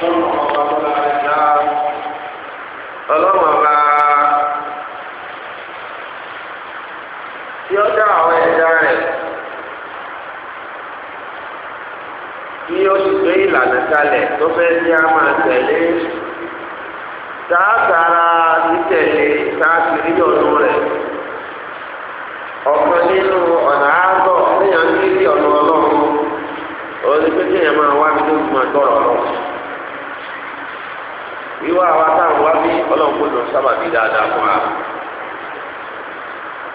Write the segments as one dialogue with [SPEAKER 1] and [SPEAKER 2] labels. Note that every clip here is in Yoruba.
[SPEAKER 1] ọlọ́wọ́n tí ó dá àwọn rẹ̀
[SPEAKER 2] tí ó sì gbé ìlànà kalẹ̀ tó fẹ́ ní a máa tẹ̀lé
[SPEAKER 1] títẹ̀lé káàkiri ọ̀nà rẹ̀ nínú ọ̀nà ààbọ̀ níyànjú ọ̀nà ọlọ́run pé máa wá mi wíwá wa táwọn wá bí ọlọ́run kò lọ sábà bí dáadáa fún wa.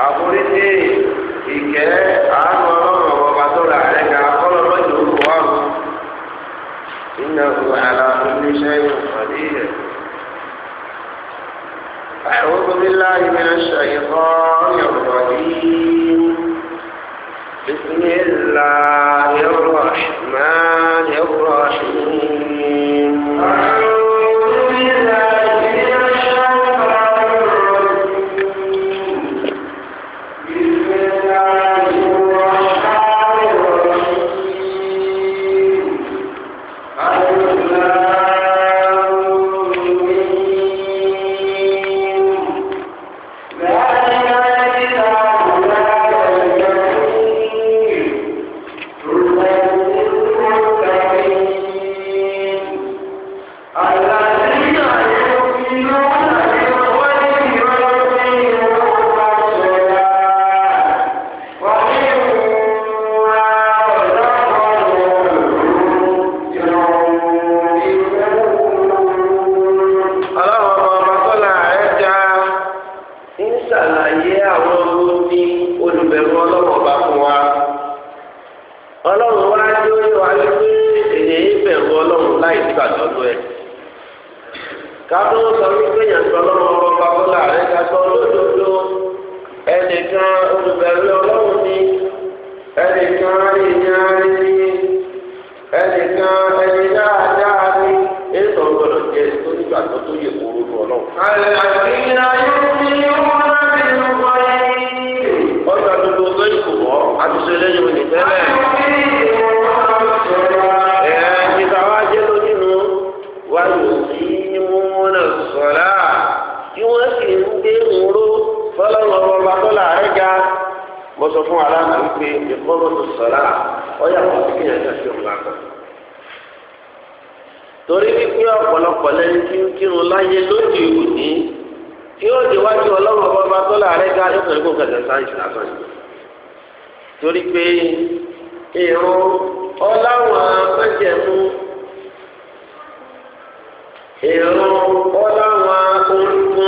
[SPEAKER 1] àforíjì ìkẹ́ àánú ọlọ́run ọba tó rà rẹ̀ ká kọ́lọ́ lọ́jọ́ òkú ọ̀run. إنه على كل شيء قدير أعوذ بالله من الشيطان الرجيم بسم الله الرحمن الرحيم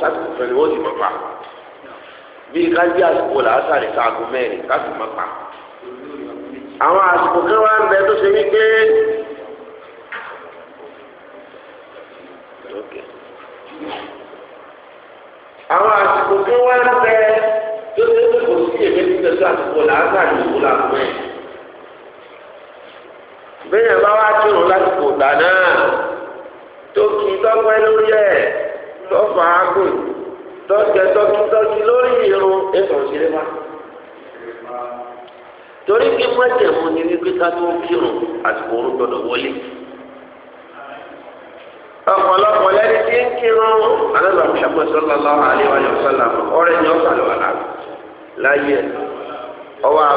[SPEAKER 1] sásìkò kan ni wọ́n sì máa pa bí kájí àsìkò làásàrè káàgó mẹ́rin káàsì máa pa àwọn àsìkò kan wá ń bẹ tó ṣe wípé. àwọn àsìkò tó wá ń bẹ tó ṣe pé kò sí èmi ti tẹ̀sí àsìkò làásàrè ìwò làásàrè mẹ́rin bẹ́ẹ̀ bá wá kírun lásìkò gbà náà tó kí tọ́pẹ́ lórí ẹ̀. tọ́fà ágùn tọ́jẹ tọ́kítọ́kí lórí irun ètò òṣèré wa. torí kí mọ́jẹ̀mú ni wípé ká tó kírun àsìkò orun gbọdọ̀ wọlé.
[SPEAKER 2] ọ̀pọ̀lọpọ̀ lẹ́ni tí ń kírun sallallahu alaihi wa sallam ọ̀rẹ́ ni ó sàlọ̀
[SPEAKER 1] láyé ọwọ́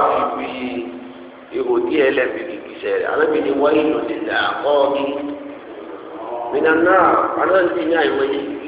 [SPEAKER 1] ihò díẹ̀ rẹ̀ wáyé lòdì dà ní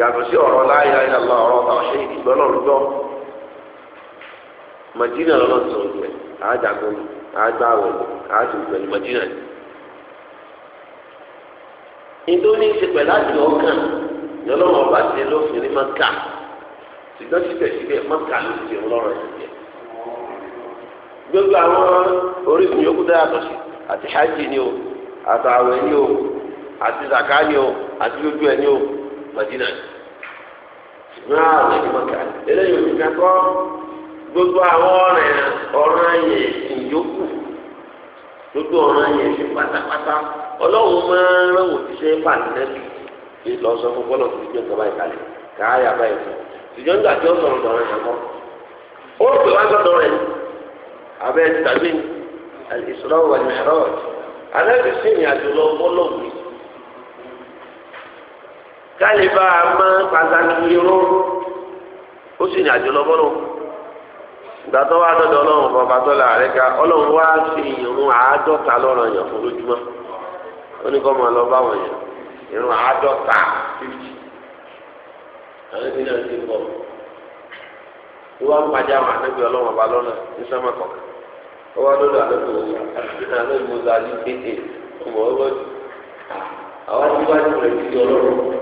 [SPEAKER 1] yàtọ̀ sí ọ̀rọ̀ láyà ìlàlá ọ̀rọ̀ tàṣẹ ìgbọ́ náà lọ́jọ́ madina lọ́nà tó ń gbẹ àájàgbọ́n àágbáwẹ̀ àátùgbẹ̀ madina ni. ìdóní ti pẹ̀ láti yọlọ́wọ́ ti ní maka ṣùgbọ́n síbẹ̀síbẹ̀ maka ló ti ń lọ́rọ̀ gbogbo àwọn yòókù tó àti hajj ni o ni o àti zaka ni o àti ẹ ni o. madina ṣùgbọ́n àwọn ẹni mọ̀ká eléyìí òní kakọ́ gbogbo àwọn ọ̀rẹ́ gbogbo pátápátá ọlọ́run máa ń fún bọ́lọ̀ tó gbé káyà báyìí fún ṣùgbọ́n nígbà tí ó sọ̀rọ̀ yẹn kọ́ ó pè wá sọ́dọ̀ rẹ̀ abẹ́ tàbí wà ní Kaliba ama ń pàtàkì irú ó sì ní àjò lọ́bọ́lọ́ ìgbà tó ọlọ́run bàbá tó la ká ọlọ́run wá irun àádọ́ta lọ́rọ̀ yàn fún lójúmọ́ irun àádọ́ta àwọn ẹbí náà ti ń ọlọ́run ọba lọ́nà ní sọ́mà ó wá lọ́dọ̀ ní kéde ọmọ ọlọ́dún àwọn ọmọ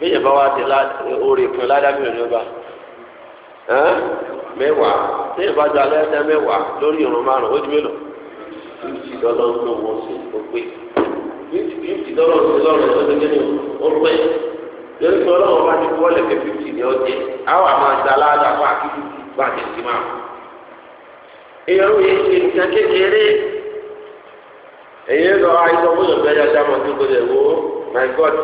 [SPEAKER 1] kéèyàn bá wá ti orí kan ládàbí òní ọba mẹ́wàá téèyàn bá gba lẹ́dá mẹ́wàá lórí irun márùn-ún ó di mélòó fifty dollars ló wọ́n ṣe ó pé fifty dollars ló lọ́rùn ẹ̀ lọ́dún kẹ́ni ó pé lórí kan ọlọ́run bá ti kú ọ̀lẹ̀ pé fifty ni ó jẹ́ àwọn àmọ́ àgbà ládàá fún akíkú bá ti ti máa. èèyàn yìí ṣe nǹkan kékeré èyí lọ àìsàn fún yọ̀bẹ́rẹ́ ajá mọ́tò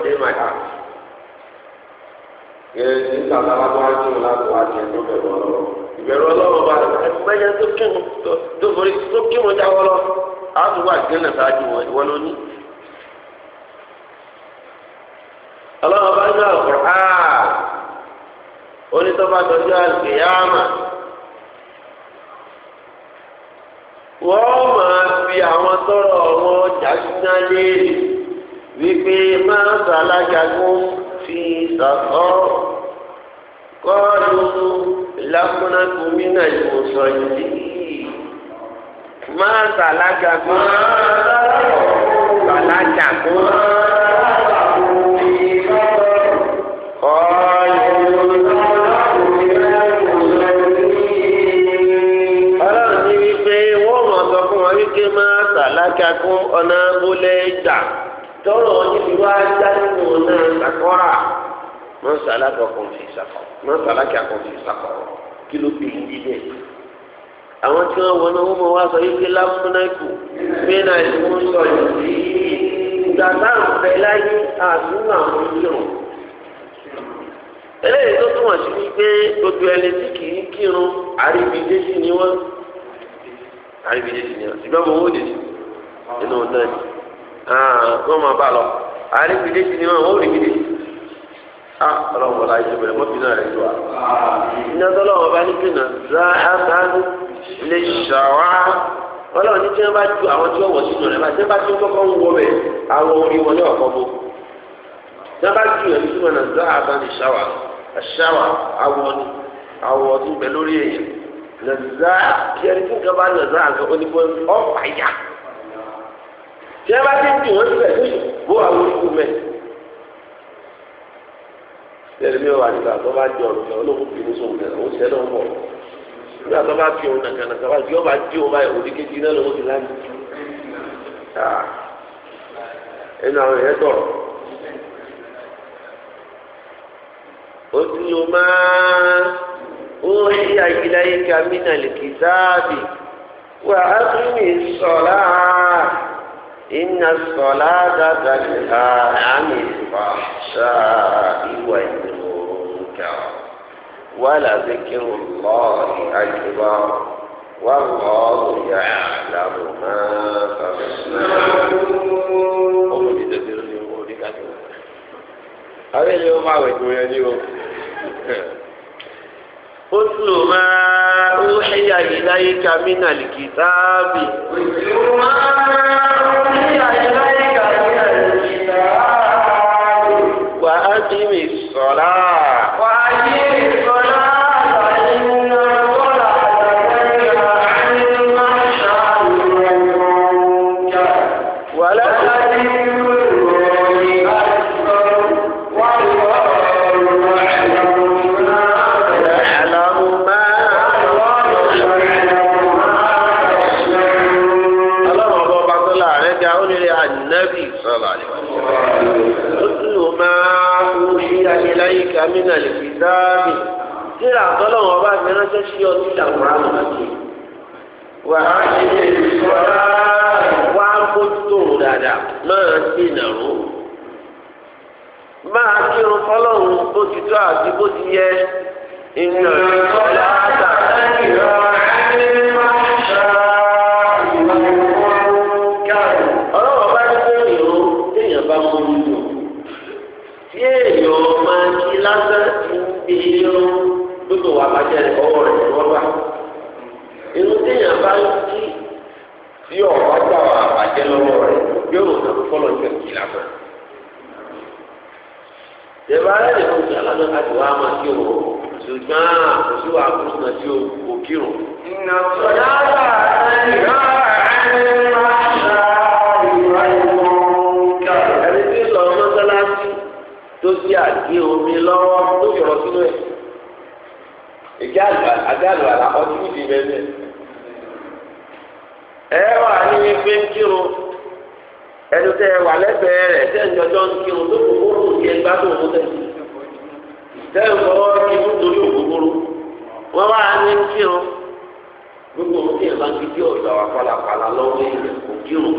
[SPEAKER 1] nígbà tá a bá bọ́ ájú láti wá jẹ tó bẹ̀rù ìbẹ̀rù bá tó kí wọn tó borí tó kí wọ́n máa fi àwọn tọrọ jáde náà léèrè wípé máa alájà في سقر قالوا لم نك من المصلين ما سلككم سلككم ọ̀nà abúlé ìjà tọrọ níbi wá dá nínú náà sàkọ́ra mọ́sálà kọ̀ọ̀kan fi sàkọ́ mọ́sálà kọ̀ọ̀kan fi sàkọ́ kí ló bí yín dé àwọn tí wọ́n wọ náà wọ́n mọ̀ wá sọ yìí pé lámúnáìkù bẹ́ẹ̀ náà ni wọ́n sọ yìí ìgbà táwọn fẹ́ láyé àdúrà àwọn ìlú
[SPEAKER 2] eléyìí tó túmọ̀ sí
[SPEAKER 1] wípé gbogbo ẹni tí kì í kírun àríbidésí ni wọ́n àríbidésí ni wọ́n ṣùgbọ́n mo wò lè nínú náà ni. Ah, wọ́n máa bá lọ àárín gbèdéke ni wọ́n ò rí gbèdéke a ah, ọlọ́run ọlá yìí bẹ̀rẹ̀ mọ́tò náà rẹ̀ jù wá. iná tó lọ́wọ́ bá ní pé nà záhásán lè ṣàwá ọlọ́run ní tí wọ́n bá ju àwọn tí wọ́n wọ̀ sínú rẹ̀ bá tí wọ́n bá tún kọ́kọ́ ń wọ bẹ̀ àwọn orí wọn ní ọ̀kọ́ bó. tí wọ́n bá ju ẹ̀mí sí wọn nà záhásán lè ṣàwá ṣàwá awọ ni awọ ti bẹ lórí èèyàn nà záhásán kí ẹni tí nǹkan bá nà záhásán ó ní tí ẹ bá ti ń dì wọ́n síbẹ̀ ní bó àwọn ikú mẹ́. Ṣẹ̀lẹ̀ mi wà nígbà tó bá jẹ ọ̀rùn kan olóhùn kìíní sóhùn kan òun ṣẹ́ lọ́wọ́. Nígbà tó bá fi òun nàkan nàkan bá jẹ́ ọba jẹ́ ọba ẹ̀wọ̀n ní kejì náà lọ́wọ́ ti láti. Ah.
[SPEAKER 2] Ẹnu àwọn èèyàn tọ̀rọ̀.
[SPEAKER 1] Ó ti yọ máa ó yí àyíláyé kamínà lè kì sáàbì wà á tún mi sọ̀rọ̀ إن الصلاة تنهى عن الفحشاء والمنكر ولذكر الله أكبر والله يعلم ما تصنعون. أبي قتل ما أوحي إليك من الكتاب قتل ما أوحي إليك tó di àgé omi lọ́wọ́ tó yọ̀rọ̀ sínú ẹ̀ ìgbé àgbà àlà ọtí níbi bẹ́ẹ̀ ẹ wà ní pé ń kírun ẹnu wà lẹ́gbẹ̀ẹ́ rẹ̀ tẹ̀ ń jọjọ́ ń kírun tó ẹ tẹ̀ tẹ̀ ń wà ní kírun gbogbo ohun tí ẹ ń fi dí wa lọ́wọ́ kò kírun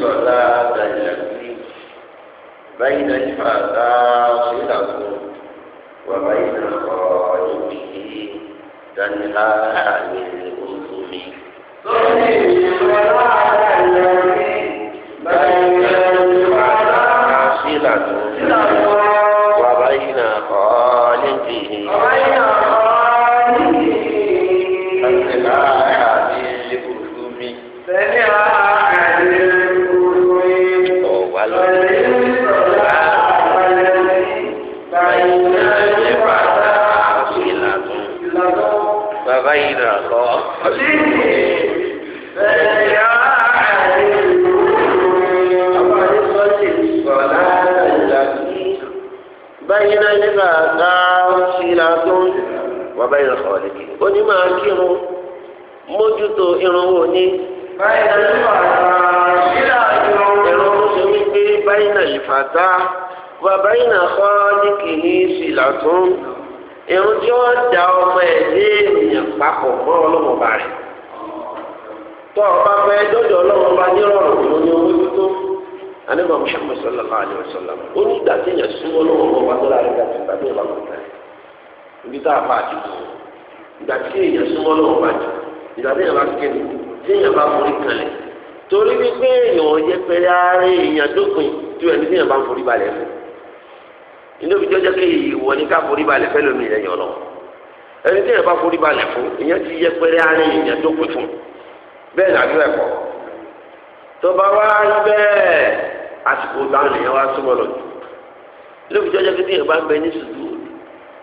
[SPEAKER 1] kò بين الفتى صلة وبين خالقه تنهى عن الأثم صلي ولا الذي بين الفتى wọ́n bá yẹn kọ́ lébi ó ní máa kírun mójútó irun wo ní. báyìí náà ló wà síra irun. irun ló ṣe wípé báyìí náà lè fàtà wà báyìí náà kọ́ ní kìí sì làtún. irun tí wọ́n da ọmọ ẹ̀ dé ènìyàn papọ̀ mọ́ ọlọ́mọba rẹ̀. tọ́ ọ bá fẹ́ dọ́dọ̀ ọlọ́mọba nírọ̀rùn ló ní mójútó anima muhammed sallallahu alayhi wa sallam onígbà tí yẹn súnmọ́ lọ́wọ́ wọn wá tó láàrin gàtí ìgbà tó yẹ bá wọn ibi tá a fa àdìgbò ìgbà tí èèyàn súnmọ́ lọ́wọ́ bá jù ìgbà tí èèyàn bá kékeré tí èèyàn bá forí kalẹ̀ torí wípé èèyàn yẹ pẹ̀lẹ́ ara èèyàn dópin tí ẹni tí èèyàn bá ń forí balẹ̀ fún inú ibi tí ó jẹ́ pé ìwọ ni ká forí balẹ̀ fẹ́ lómi ìrẹ̀yìn ọ̀nà ẹni tí èèyàn bá forí balẹ̀ fún èèyàn ti yẹ pẹ̀lẹ́ ara èèyàn dópin fún bẹ́ẹ̀ ni àdúrà ẹ̀kọ́ tó bá wá bẹ́ẹ̀ àsìkò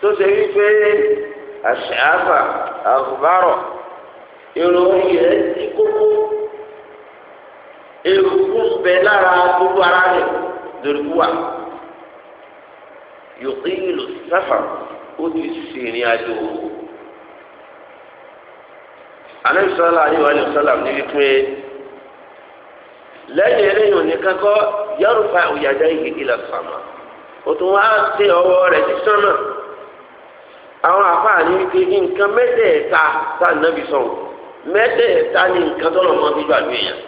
[SPEAKER 1] tó ṣe wípé àṣàfà àkùbárọ̀ ìròyìn rẹ̀ ti kókó eruku ń bẹ lára gbogbo ara rẹ̀ lórúkú wa yòókì ìlú sáfà ó ti sìnrìn àjò
[SPEAKER 2] anamisala ayi wa alayisalaam níbi
[SPEAKER 1] pé lẹ́yìn eléyìí òní kankọ yọrùfà òyàjà yìí ila sama o tún wá sí ọwọ́ rẹ̀ sí sánmà. àwọn àfààní wípé nǹkan mẹ́tẹ̀ẹ̀ta tá a nàbì sọ̀rọ̀ mẹ́tẹ̀ẹ̀ta ni nǹkan tó lọ́ mọ́ bí gbàgbé yẹn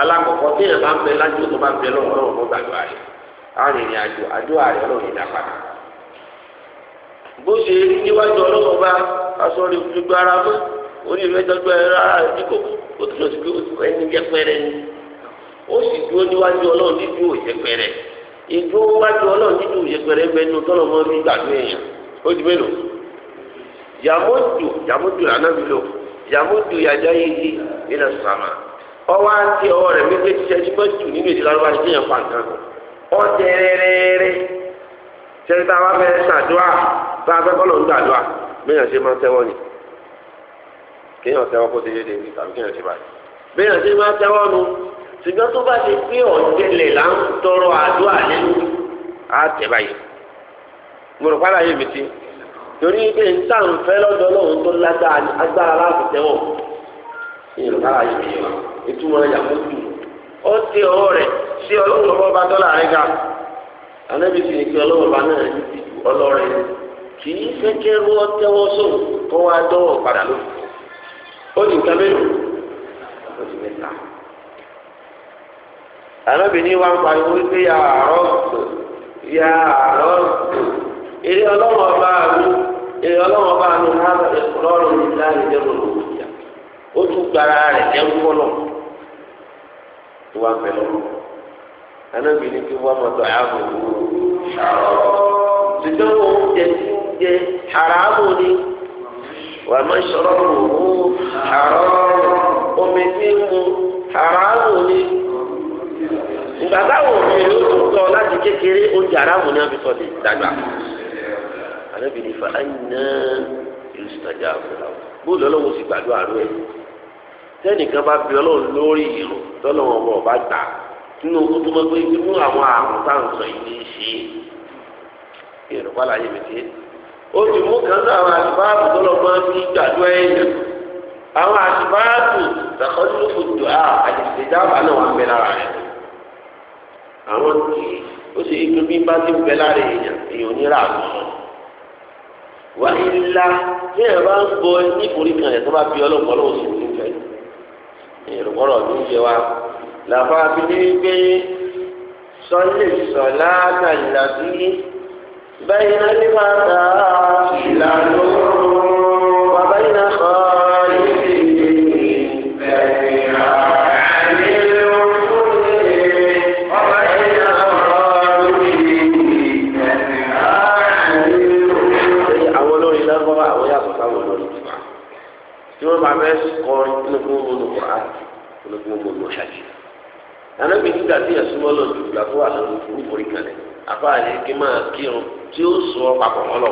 [SPEAKER 1] alákọ̀ọ́kọ́ tí yẹn bá ń bẹ lájú tó bá ń bẹ lọ́wọ́ lọ́wọ́ fún gbàgbé arìnrìn àjò àjò ọlọ́run ìdá padà bó ṣe rí níwájú bá aṣọ gbogbo ara orí ó lọ sí pé ó sì dúró níwájú ọlọ́run òyẹpẹrẹ ìdúró níwájú ọlọ́run ó di mélòó yàmódù yàmódù lànàbílò yàmódù yàjà yìí ilẹ̀ sàmà ọwọ́ àti ọwọ́ rẹ̀ méjèèjì sẹ́jú mọ́tò nínú ìdílé alùpàá ní kéèyàn pa nǹkan ọ̀tẹ̀ rẹ́rẹ́rẹ́ sẹ́ni tá a wá fẹ́ sàdúrà tá a fẹ́ kọ́lọ̀ ń gbàdúrà béèyàn ṣe máa tẹ́wọ́ ni kéèyàn tẹ́wọ́ kó déédéé déédéé tàbí kéèyàn ṣe báyìí béèyàn ṣe máa tẹ́wọ́ nu ṣùgbọ́n tó bá ṣe pé ọ̀tẹlẹ̀ là ń tọrọ àdúrà lẹ́nu á mo rò pàdé mi ti torí pé níta ń fẹ́ tó agbára láti tẹ́wọ̀ ìyẹn ló pàdé ayé mi wa ìtumọ̀ rẹ̀ yàgò tù ó ti ọwọ́ rẹ̀ sí ọlọ́run ọba dọ́là ga ní kí ọlọ́run náà ti ju kì í fẹ́ ọtẹ́wọ́ kó wá dọ́wọ́ padà ó ní nǹkan èrè ọlọ́wọ́ bá mi èrè ọlọ́wọ́ bá mi ká lọ́rùn mi láàyè jẹ́ lọ́rùn mi ó tún gbara rẹ̀ jẹ́ ńkọ́lọ̀ tó wá pẹ̀lú anábì ní kí wọ́n mọ̀tò ààbò ṣùgbọ́n oúnjẹ tí ń jẹ haramu ni wà má haramu omi tí ń mu haramu ni ìgbà táwọn ló tún láti kékeré oúnjẹ haramu ni wọ́n fi ànábì ní fa ẹnà ìlú sitajà àbúrò bóòlù ọlọ́wọ́ sì gbàdúrà rẹ̀ tẹ́nìkan bá bí ọlọ́run lórí ìrùn tọ́lọ́wọ́n ọmọ ọba gbà nínú ogun tó máa gbé irú àwọn àrùn táwọn sọ yìí ní í ṣe èrò wàlá yẹn mẹtẹ ó ti mú kan náà àwọn àtibáàbù tó lọ máa fi gbàdúrà ẹ̀yàn àwọn àtibáàbù tàkọ́lùfù dùá àdìsíjáàbà náà wà mẹ́lára rẹ̀ àwọn tí ó sì gbé bí bá ti bẹ lára èèyàn èèyàn onírà àtúnṣe wà ilá tí ẹ bá ń bọ nítorí kan ẹ tó bá fi ọlọ́pàá lọ́wọ́ sí ní ìfẹ́ ìrùkọ́rọ̀ ló ń yẹ wa làbá fi ní gbé sọlẹ̀ sọlá nàìjíríà bí bẹ́ẹ̀ ni wọ́n máa ìlànà. anábì nígbà tí yẹn súnmọ́ lọ dùgbà tó wà lọ́dún fún ìforí kan lẹ̀ àfa àlẹ́ kí máa kírun tí ó sọ papọ̀ mọ́ lọ.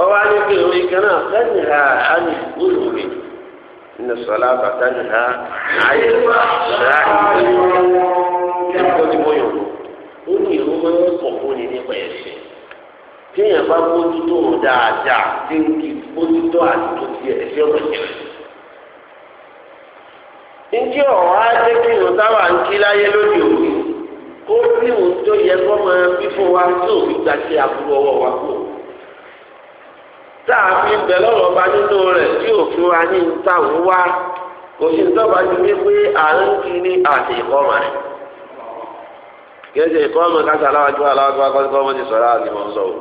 [SPEAKER 1] ọwọ́ á ní kí irun ike náà fẹ́ẹ̀ni ha á ní gbólù mi nínú sọlá bàtà ní ha ayé ṣáà ìgbẹ́ kí n kọ́ tí mo ó ní irun máa ń pọ̀ fún ni nípa ẹ̀ṣẹ̀ téèyàn bá mójútó dáadáa tí kí mójútó àti tó ti ẹ̀ṣẹ̀ wọ̀nyẹn ntí ọ̀hún á jẹ́ kí irun táwa ń kí láyé lóde òní kó ní òun tó yẹ kó máa fífún wa tí òfin gbà ṣe àbúrò ọwọ́ wa kù. tá a fi bẹ̀ lọ́rọ̀ bá nínú rẹ̀ tí òfin wa ní táwọn wá kò sí ntọ́ba ju wípé à ń kí ní àti ìkọ́mà rẹ̀. gẹ́gẹ́ ìkọ́mà káṣá aláwájú aláwájú akọ́síkọ́ ọmọ ti sọ̀rọ̀ àti mọ̀ sọ̀rọ̀.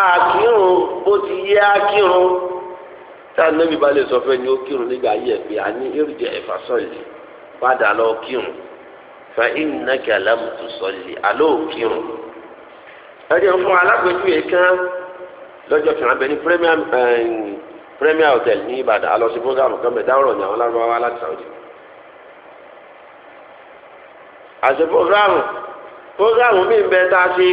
[SPEAKER 1] àkírun bó ti yẹ àkírun tá a nẹ́bí bá lè sọ fẹ́ ni ó kírun nígbà yẹ pé a ní èròjà ẹ̀fà sọ̀lì padà lọ kírun fa ìnàkì alámùtù sọ̀lì àlọ́ kírun. ẹni fún alágbèjúwe kan lọ́jọ́ kan abẹ ní premier hotel ní Ìbàdàn alọ́sí program kan bẹ̀ dáwọ̀rọ̀ ní àwọn lárúbáwá láti Saudi. àṣẹ program program mi bẹ tá a ṣe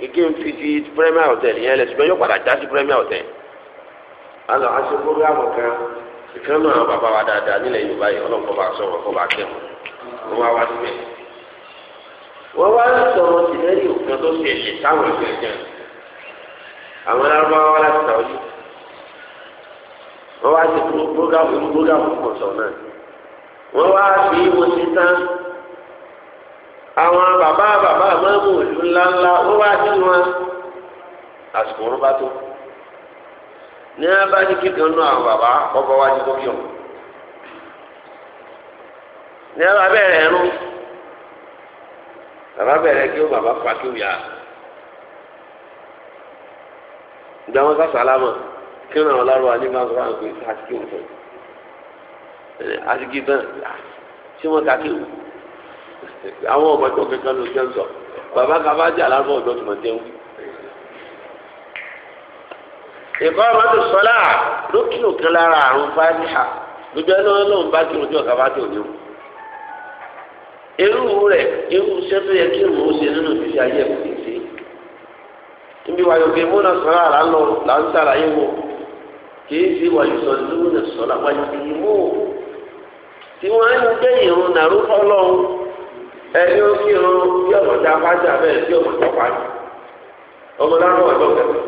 [SPEAKER 1] kékeré fi ti premier hotel yẹn lẹ ṣùgbọ́n yóò padà já sí premier hotel alọ aṣọ programu kan ìkan náà bàbá wa dáadáa nílẹ̀ yorùbá yìí ọlọ́run kọ́ bá a sọ̀rọ̀ kọ́ bá a kẹ́mu wọ́n wá wá síbẹ̀. wọ́n wá sọ̀rọ̀ tìlẹ́rì òkan tó ṣẹlẹ̀ táwọn ẹgbẹ́ jẹ́
[SPEAKER 2] àwọn lárúbáwá wá láti sàwọ́jú
[SPEAKER 1] wọ́n wá sí programu inú programu pọ̀ sọ̀ náà wọ́n wá fi wọ́n ti tán àwọn bàbá bàbá mọ́mú ìlú ńláńlá wọ́n wá sí wọn àsìkò wọn bá tó ní wọn bá ní kíkan náà àwọn bàbá kọ́kọ́ wá ní kókì ọ̀hún ní wọn bá bẹ̀rẹ̀ ẹ̀rú bàbá bẹ̀rẹ̀ kí wọn bàbá fà kí wọn yà gba wọn sàṣà lámà kí wọn àwọn lárúbá ní bá sọ̀rọ̀ àgbẹ̀ àtìkí wọn fún àtìkí bẹ́ẹ̀ tí wọn kà kí wọn àwọn ọmọ ẹgbẹ́ kankan ló jẹun sọ bàbá kàfájà lárúbá ọ̀dọ́ tó máa jẹun ìbáraẹni sọlá lókè òkè lára àrùn fáìlìhà lójú ẹni wọn lòun bá kírun tí ọkà bá tó ní o irú rẹ irú iṣẹ́ yẹ kí òun ṣe nínú ayé ẹkọ ṣe níbi wàyò múnà sọlá lọ là ń ṣe wàyò múnà sọlá wàyò mú o tí wọn ń gbé ìrún ẹni ó bí ọmọdé afájà bí ọmọdé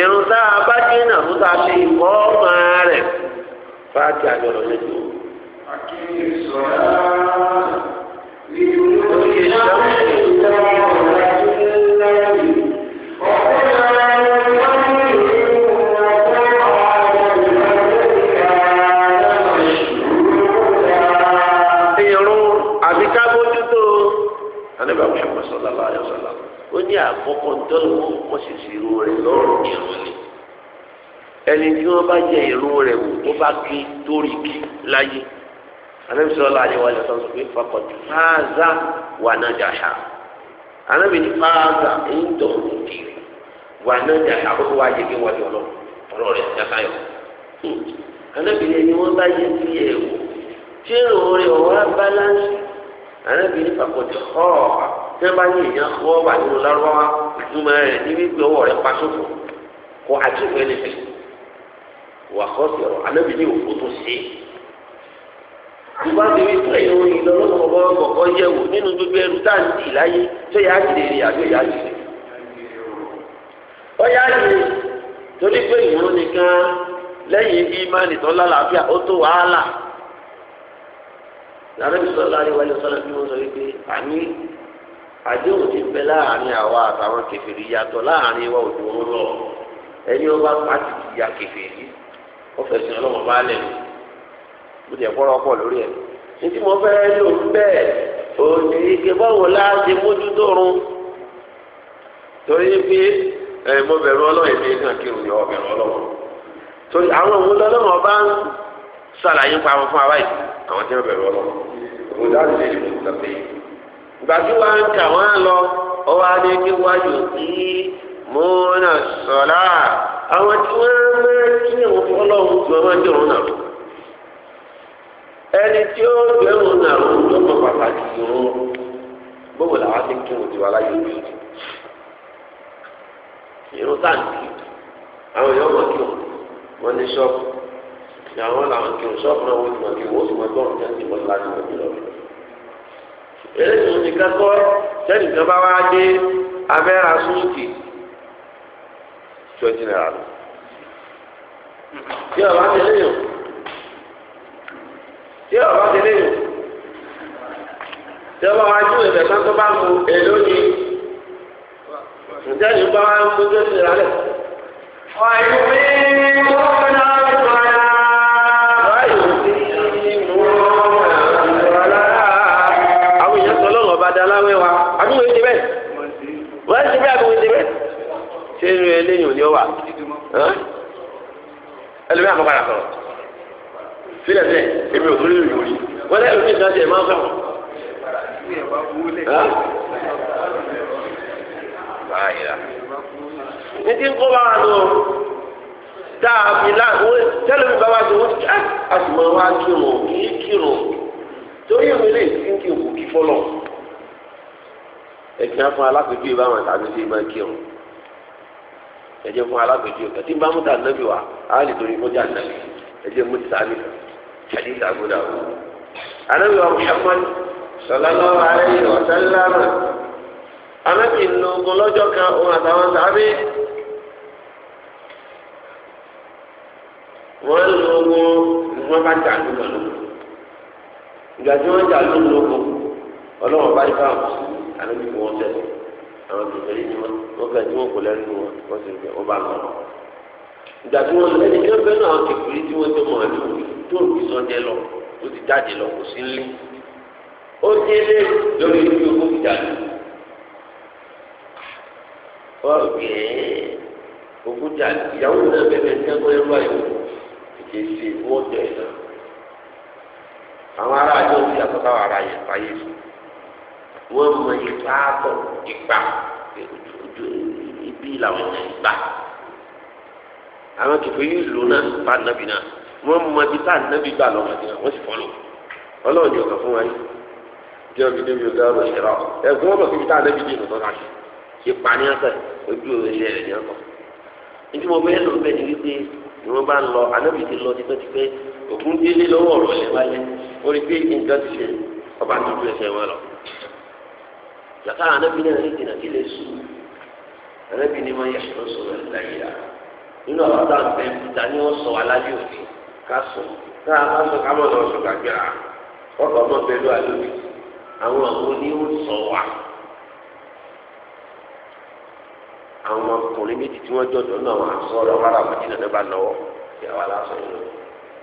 [SPEAKER 1] irun tá a bá dínà fún ta ṣe ìkọ́ máa rẹ̀ fáàtì àjọyọ̀ lẹ́jọ́. Akéwì sọ̀rọ̀
[SPEAKER 2] ní ìlú ìṣẹ́
[SPEAKER 1] jẹ́ àkọ́kọ́ dọ́lù kọ́ sì sí irú rẹ̀ lọ́rùn ìrún ni ẹni tí wọ́n bá jẹ irú rẹ̀ wò tó bá kí torí kí láyé anabi sọlá àlẹ wàlẹ sọ sọ pé fakọtì fáàzà wà náà jàṣà anabi ní fáàzà ń dọ̀rọ̀ òkè wà náà jàṣà ó wá jẹ́ kí wọ́n jọ lọ ọ̀rọ̀ rẹ̀ dákáyọ̀ anabi ní ẹni wọ́n wọ́n bá láńsì tẹ́ bá yẹ ìyá wọ́n wà nínú lárúbáwá ìtumọ̀ rẹ̀ ní wípé ọwọ́ rẹ̀ pa sófò kó àtúnfẹ́ lè wà kọ́ sí ọ̀rọ̀ anábì ní òfò tó ṣe é. ìgbà tí wípé ẹ̀yọ́ ìlọ́lọ́wọ́ bọ́ kọ̀ọ̀kọ́ yẹ̀ wò nínú gbogbo ẹrù tá à ń dì láyé tó yà á jìlè rí àbí òyà jìlè. ọ̀yà jìlè torí pé ìrún nìkan lẹ́yìn bí imáàlì tó lálàáfíà ó tó wàhálà. làrẹ́bí àdéhùn ti bẹ láàrin àwa àtàwọn kẹfìrí yàtọ̀ láàrin ìwà òjò wọn ẹni wọn bá pàtì ya kẹfìrí wọn fẹsẹ̀ ọlọ́wọ́n bá lẹ̀ mo jẹ́ kọ́rọ́ pọ̀ lórí ẹ̀ ní mo fẹ́ lò bẹ́ẹ̀ òní ike báwo la ṣe mójútó run torí pé ẹ mo bẹ̀rù ọlọ́run èmi kàn kírun yọ ọbẹ̀rù ọlọ́run torí àwọn òun lọ́lọ́run ọba ń ṣàlàyé pa wọn gbàtí wà ń kà wọn lọ ó wá ní kí wáyò sọlá àwọn tí wọn máa kí wọn fọlọ́hún tí wọn máa náà ẹni tí ó dẹrùn náà ló ń pàtàkì gbogbo làwọn ti kí wọn ti wà láyé àwọn èèyàn kí wọn ní làwọn kí wọn náà kí wọn sì eléyìí wọn nìkan kọ́ sẹ́nìkan bá wá dé abẹ́ra súùtì twenty naira lọ. tí ọba ti léyìn tí ọba ti léyìn tí ọba wá ju ẹ̀fẹ̀ kan tó bá mu èlò ni
[SPEAKER 2] ǹjẹ́ ìbá wa ń mú tó ti rà lẹ̀. ọ̀yùn ṣé inú
[SPEAKER 1] eléyìí ò ní ọ wà ẹlòmíà kan padà sọ̀rọ̀ sílẹ̀ sílẹ̀ èmi ò tó lè lòrí wọ́n lẹ́yìn òfin ìdájọ́ ẹ̀ máa ń sọ̀rọ̀. ní ti ń kó bá wa lò ó dáàbí láàbò
[SPEAKER 2] tẹ́lẹ̀ mi bá wa ṣe wọ́n
[SPEAKER 1] ti ẹ́ àtùmọ̀ wa kírun kì í kírun torí èmi lè ti ń kí òkú kí fọ́lọ̀ ẹ̀kí á fún alákòókò ìbámu àtàlùfẹ́ ìbá kírun ẹjẹ fún alágbèjì ọkàn tí bá múta nàbí wa á lè torí mọjà nàbí ẹjẹ mú sáré àdé ìdàgbọdà wò. anábì wa Muhammad sallallahu alaihi wa sallam anábì nù ogun lọ́jọ́ kan òun àtàwọn sábẹ́ wọ́n lu ogun wọ́n bá jà lóko lóko ìgbà tí wọ́n jà lóko lóko ọlọ́wọ́n bá yí fáwọn anábì fún wọn sẹ́yìn àwọn kẹfẹ́rí ni wọ́n wọ́n kẹ́ tí wọ́n kò lẹ́nu wọn wọ́n sì fẹ́ wọ́n bá lọ. ìgbà tí wọ́n lẹ́ni kí wọ́n fẹ́ náà kẹfẹ́rí tí wọ́n tó mọ̀ ní òbí tó òbí sọ́jẹ́ lọ tó ti jáde lọ kò sí nlé. ó délé lórí ibi owó ìdálé. ọ̀gẹ̀ òkúta ìyàwó náà bẹ̀rẹ̀ sẹ́gun ẹrú àyẹ̀wò ìkẹ́sì wọ́n tẹ̀ náà. àwọn ará ti àtọ́káwà ara wọ́n mọ ipa tọ̀ ipa ojú ibi làwọn ọ̀nà ipa àwọn kìfé yìí lò náà bá nàbì náà wọ́n mọ ibi tá nàbì gbà lọ́wọ́ àti náà wọ́n sì fọ́lọ́ ọlọ́run ni ọ̀kan fún wa yìí bí ọ̀bí débi ọ̀gá ọ̀rọ̀ ìṣẹ̀rọ̀ ẹ̀gbọ́n mọ̀ kíbi tá nàbì dì nìkan náà ipa ní ọ̀sẹ̀ ojú ilé rẹ̀ ní ọkọ̀ níbi mo bẹ́ẹ̀ lọ bẹ́ẹ̀ ni wípé ni wọ́n bá ń lọ anábì ti lọ tipẹ́tipẹ́ òkun délé lọ́wọ́ ọ̀rọ̀ ẹ̀ wáyé ó rí pé nǹkan ti ṣe ọba tuntun ẹsẹ̀ wọn lọ yàtọ̀ ànábì náà ní ìdènà kí lè sùn ànábì ní wọn yẹ sọ sọ̀rọ̀ ìlàyà nínú àwọn tá à ń bẹ buta ni wọn sọ aládé òní ká sọ ká a sọ ká mọ lọ sọ a ọkọ mọ bẹ lọ alóbi àwọn àwọn ní ń sọ wa àwọn ọkùnrin méjì tí wọn jọjọ náà wọn àṣọ ọ̀rọ̀ wọn làwọn jìnnà náà bá lọ́wọ́ ìyàwó aláṣọ yìí lọ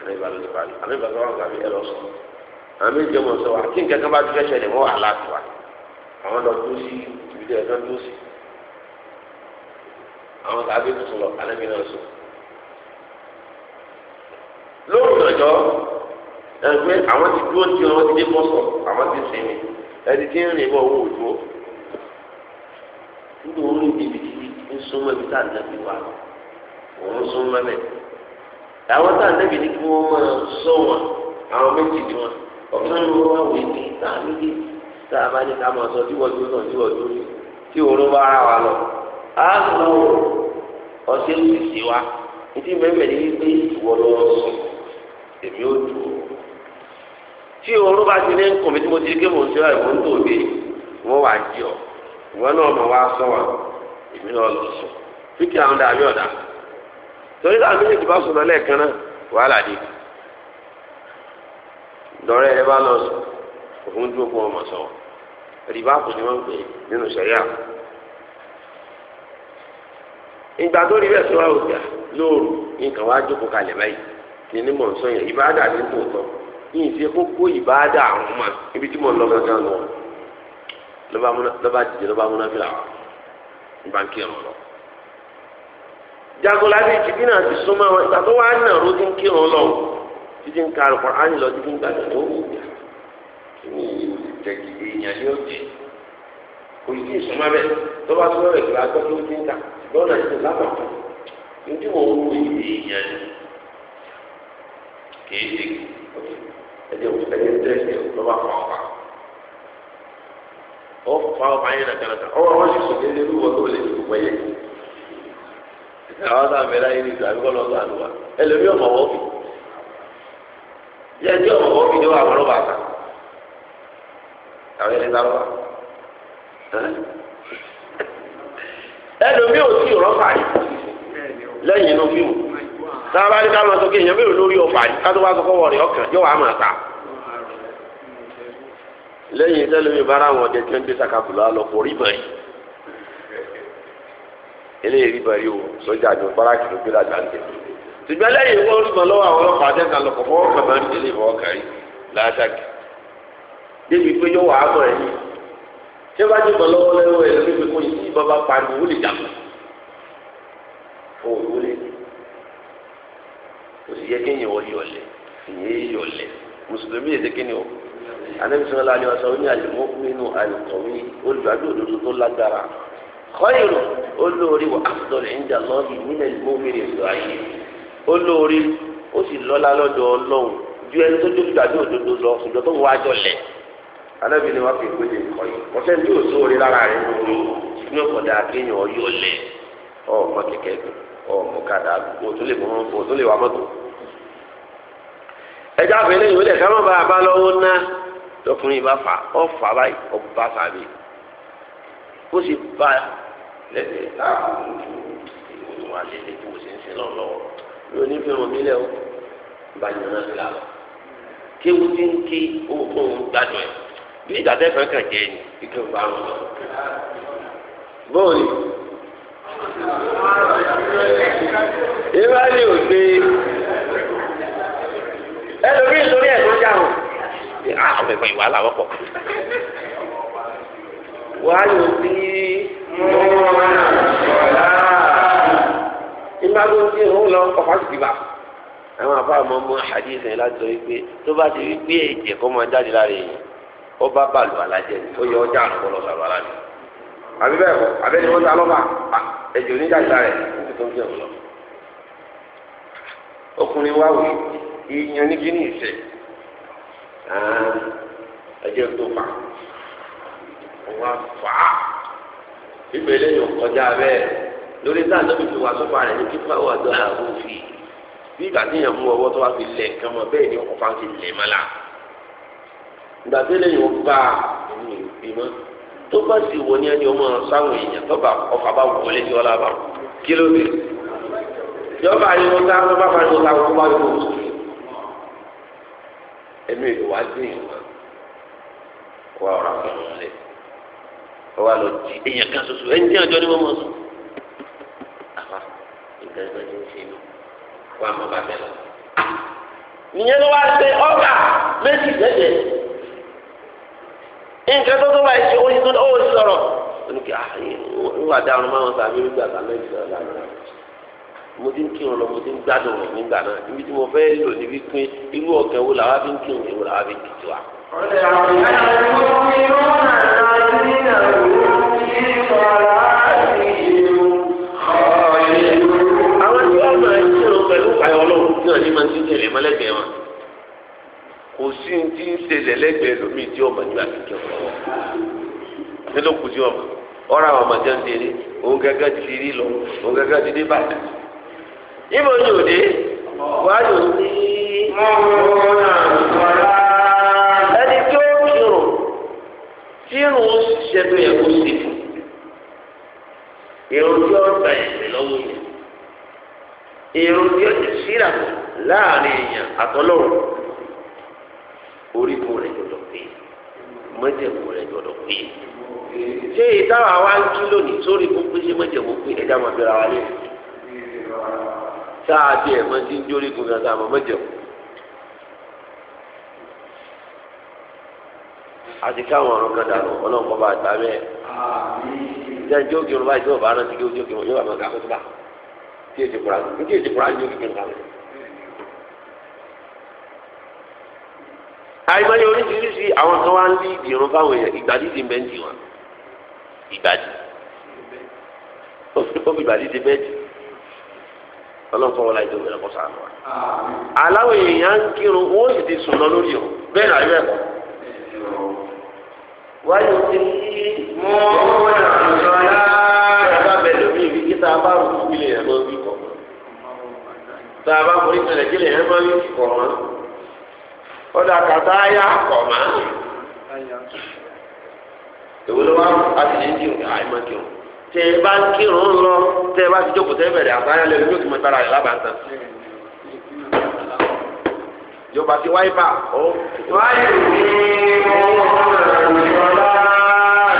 [SPEAKER 1] àlébà ló ti parí àlébà ló wà gàbí ẹ lọ sọ àwọn méjì ọmọ sọ wa kí nǹkan kan bá ti fẹ́ àwọn lọ dúró sí ibi tí ẹjọ́ dúró sí àwọn tàbí tuntun lọ alẹ́mi náà sùn. lóòrùn ọjọ́ ẹgbẹ́ àwọn ti dúró tí wọ́n ti dé bọ́sọ̀ àwọn ti sinmi ẹni tí ń rìn bọ̀ owó òjò nígbà ibi tí ibi tá à ń dẹ́bi òun súnmọ́ àwọn tá à ń dẹ́bi ni kí wọ́n máa sọ wọn àwọn méjì tá a bá ká máa sọ díwọ̀dú náà díwọ̀dú rí tí òru bá ara wa lọ á lọ ọ̀sẹ̀ òsì wa ìdí mẹ́mẹ́ ni wípé ìwọ lọ sùn èmi ò dùn tí òru bá ti ní nkùnmí tí mo ti ké mò ń sẹ́wà ìwọ́n tó dé jí ọ ìwọ́n náà mọ̀ wá sọ wa èmi náà lọ fíkì àwọn dàbí ọ̀dà torí bá lẹ́ẹ̀kan náà wàhálà òfin dúró fún ọmọ sọ rìbá kò wọn gbé nínú sẹyà ìgbà tó rí òjà lóòrù nǹkan wàá jókòó ni yẹn ìbáàdà ní yìí ṣe kókó ìbáàdà àwọn ọmọ ibi tí lọ gángan lọ lọba lọba ń lọ jagola bíi súnmọ́ èmi yìí ò lè jẹ́ kí èèyàn ní òjì kò sí ìsúnmọ́ bẹ́ẹ̀ tó bá tó bẹ̀rẹ̀ ìgbà gbọ́ tó ti ń ta lọ́nà ìsìn lábàá fún mi ní tí wọ́n wọ èèyàn ni kì í ṣe ẹ̀jẹ̀ òṣèlú ẹ̀jẹ̀ tẹ̀sí lọ́ba fà ọ̀pá ó fà ọ̀pá yẹn nàkànàkà ọ̀rọ̀ wọn sì sùn délé lúwọ́ tó lè dùn pẹ́yẹ àwọn tá a mẹ́ra yìí nìkan àbíkọ́ lọ́sọ̀ àlùwà ẹlẹ́mí ọ̀mọ̀ wọ́ọ̀fì yẹ́n tí ọ̀mọ̀ wọ́ọ̀fì ni wọ́n àwọn ọlọ́ba àwọn ẹni lábọ ẹlòmíì ò tí ì rọ́pà rí lẹ́yìn inú fíìmù sábà ní ká máa sọ kí èèyàn mélòó lórí ọ̀pá rí ká tó bá sọ fọwọ́ rẹ̀ ọkàn yóò wá máa ta lẹ́yìn sẹ́lómi bára àwọn ọ̀dẹ tí wọ́n ń gbé sàkàbùlà lọ kò rí bẹ̀rẹ̀ eléyìí rí bẹ̀rẹ̀ o sọ́jà ní báràkì ló gbé làjà ń tẹ̀ ṣùgbọ́n lẹ́yìn wọ́n rí mọ́ lọ́wọ́ àwọn ọlọ́pàá débi pé yóò wà á mọ̀ ẹ̀yìn tí ó bá ti mọ̀ lọ́wọ́ lẹ́wọ́ ẹ̀ lórí pé kò yìí tí ìbọn bá pariwo ó lè dàgbà òun ló lè kò sì yẹ kéèyàn wọ yọlẹ ìyẹn yọlẹ mùsùlùmí yẹ kéèyàn wọ anamisọ̀rọ̀ la ni wọ́n sọ ní àlùmọ́ nínú àlùkọ̀wé olùdó òdodo tó lágbára kọ́yìnrún olórí wa afdọ́lẹ̀ ẹ̀ńdà lọ́ọ̀dì nílẹ̀ ìmọ̀mìnì ìlú ayé olórí ó sì lọ́lá lọ́dọ̀ ọlọ́run ju ẹni tó dókítà ní òdodo lọ ṣùgbọ́n tó wọ́n adọ́lẹ̀ alábi ni wọn fi gbélé ìkọ yìí ọsẹ ní òsó orí lára rẹ lórí inú ọkọdà akéèyàn yóò lẹ ọmọ kẹkẹ ọmọ kàdà òtó lè mọ òtó lè wà mọtò. o abẹlé ìwé lẹka má bàa bá lọ́wọ́ ná lọkùnrin bá fà ọ fà báyìí ọ bá fà mí ó sì bá lẹsẹ láàbù ìwòsàn wà lẹsẹ tí mo sì ń sin lọ́wọ́ lónìí fi hàn mí lẹ o bá yẹn náà sí la lọ kéwù ń ké ó ń gbádùn ẹ bí ìdàtẹ́ fẹ́ kàn jẹ́ ni kíkẹ́ ń bá wọn lọ. bóòlì ìbáraẹni ò gbé ẹlòmíì sórí ẹ̀ tó dáhùn àwọn ẹ̀fọ́ ìwà làwọn pọ̀ wàá yóò bí
[SPEAKER 2] mọ́ọ́nà sọ̀rọ̀
[SPEAKER 1] ìgbàgbọ́ tí òun lọ ọ̀fà sì ti bá àwọn àbá àmọ́ mọ́ láti sọ wípé tó bá ti wípé ẹ̀jẹ̀ kọ́ máa jáde lára èèyàn ó bá bàlù alájẹ ó yọ ọjà àrùn lọ sàlù alájẹ àbí bẹ́ẹ̀ kọ́ abẹ́ni wọ́n ta lọ́ba ẹ̀jẹ̀ oníjàjà rẹ̀ ó tó ń jẹ́ òun lọ. ọkùnrin wa wí iyan oníkíní ìṣe ẹ̀jẹ̀ tó fà wọ́n fà á ìgbélé yóò kọjá bẹ́ẹ̀ lórí tá a lóbi fi wá sọ́fà rẹ̀ ní kíkọ́ àwọn àdó àwọn òfin bí ìgbà tí èèyàn mú ọwọ́ tó wá fi lẹ̀ kán mọ́ bẹ́ẹ̀ ni ọ̀pá ti lè má ìgbà tó lè yọ bá ẹni ìrùbí mọ́ tó bá sì wọ ní ẹni ọmọ sáwọn èèyàn tó bá ọfà bá wọlé sí ọlá bá kí ló dé
[SPEAKER 2] yọba ariwo ta ló bá fariwo ta wọn bá yọ wọn
[SPEAKER 1] ẹnu èdè wá dé ìwà wà ọ̀rọ̀ àfọwọ́ lẹ̀ wà lọ di èèyàn kan ṣoṣo ẹni tí àjọ ni wọ́n mọ̀ sùn àfa nǹkan ẹgbẹ́ ti ń ṣe inú wà á mọ̀ bàbẹ́ lọ. ìyẹn ló wá ṣe ọ̀gá méjì lẹ́jẹ̀ẹ́ nǹkan tó tó bá ṣe ó ṣe ó sọ̀rọ̀ oníkì ah, wà dáhùn máa ń sọ àbí nígbà tá lẹ́yìn sọ̀rọ̀ lánàá mo ti ń kírun lọ mo ti ń gbádùn rẹ̀ nígbà náà ibi tí mo fẹ́ lò níbi pé irú ọ̀kẹ́ wo làwa fi ń kírun ìwò làwa fi kì tiwa. ọ̀sẹ̀ àwọn ìyá rẹ̀ ló ń fi rọ́ọ̀nà náà sí ìnáwó sí ìfọ̀rọ̀ àti ìlú ọ̀rọ̀ ìlú. àwọn tí wọ́n máa ń kírun pẹ̀lú àyọ̀lọ́ kò sí ní tí ń ṣẹlẹ̀ lẹ́gbẹ̀ẹ́ lómi tí ọmọ ní akékèké nínú kù sí ọmọ ọ̀rọ̀ àwọn ọmọ jẹun òun gẹ́gẹ́ ti rí lọ òun gẹ́gẹ́ ti dé bàtà. ìmọ̀ ní òde wàá ẹni tí ó kírun tí irun ṣiṣẹ́ tó yẹ kó fún irun tí ó lọ́wọ́ yẹn irun tí ó ti láàrin èèyàn mọ́jẹ̀mú rẹ̀ gbọ́dọ̀ pé ṣé ìtawà wa ń kí lónìí sórí gbogbo ṣé mọ́jẹ̀mú pé ẹja máa bẹ̀rẹ̀ wa lé sáà bí ẹ̀ mọ́ sí ń jórí gun gan sáà mọ́ mọ́jẹ̀mú. àti káwọn ọ̀rọ̀ kan dànù ọlọ́run kọ́ bá gbà bẹ́ẹ̀. ìjà ìjọ òkè òun báyìí tí wọ́n bá rántí kí ó jókè wọn yóò wà máa ga kó tó bá kí èsì kura kí èsì kura ní ó kékeré kan.
[SPEAKER 2] àìmọye oríṣiríṣi àwọn kan wá ń lé ìdìrún fáwọn
[SPEAKER 1] èèyàn ìgbàdí ti bẹ́ẹ̀ dì wọn ìgbàdí ó fi kó ìgbàdí ti bẹ́ẹ̀ dì ọlọ́kọ́ wọn láì tó mẹ́rin kó sàánù wa. aláwọ̀ èèyàn ń kírun owó sì ti sùn lọ lórí o bẹ́ẹ̀ náà yóò ẹ̀kọ́.
[SPEAKER 2] wáyé ti mú owó ìrànlọ́ yára bá bẹ̀ lómi ìfi kí
[SPEAKER 1] tá a bá rò fún ilé yẹn lọ́wọ́ bí kọ̀ọ̀kan. tá a bá forí kalẹ̀ kí ilé yẹn máa ń ọ̀dà kata ya, kọ̀ mọ́.
[SPEAKER 2] èwo ló wá àti
[SPEAKER 1] ní kí ọ̀gá àìmọ́ kí ọ̀ tẹ ẹ bá ń kírun ń lọ tẹ ẹ bá ti jókòó tẹ ẹ bẹ̀rẹ̀ àtàyà lẹ́nu yóò ti mọ tara rẹ̀ lábàtà. yorùbá ti wáyé bá ọ. wáyé ní ọ̀la.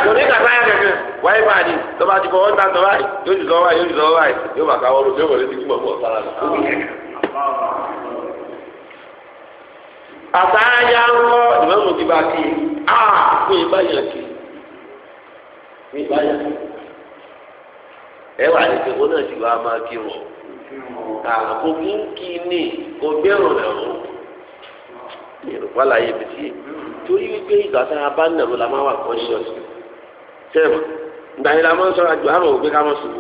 [SPEAKER 1] kò ní kàtà ayá kẹ̀kẹ́ wáyé bá ni tọ́ba ti fọwọ́ ta tọ́ba yìí yóò ti sọ wáyé yóò ti sọ wáyé yóò bá káwọ́ lójú yóò wọlé ti kí mọ̀ mọ́ tara rẹ̀. àtàyà ń kọ́ ìmọ̀mù ti bá kí a fún ibà yàn kí fún ibà yàn kí ẹ wà ní pẹ̀lú náà ti wá máa kí wọn kò kí ń kí ni kò gbẹ̀rùn lẹ́rù yorùbá láyé bìtì torí wípé ìgbà tá a bá ń nàró la máa wà conscious sẹ́wọ̀n ìgbàyẹn la máa ń sọ̀rọ̀ àjò àmọ̀ òpé ká mọ̀ sùn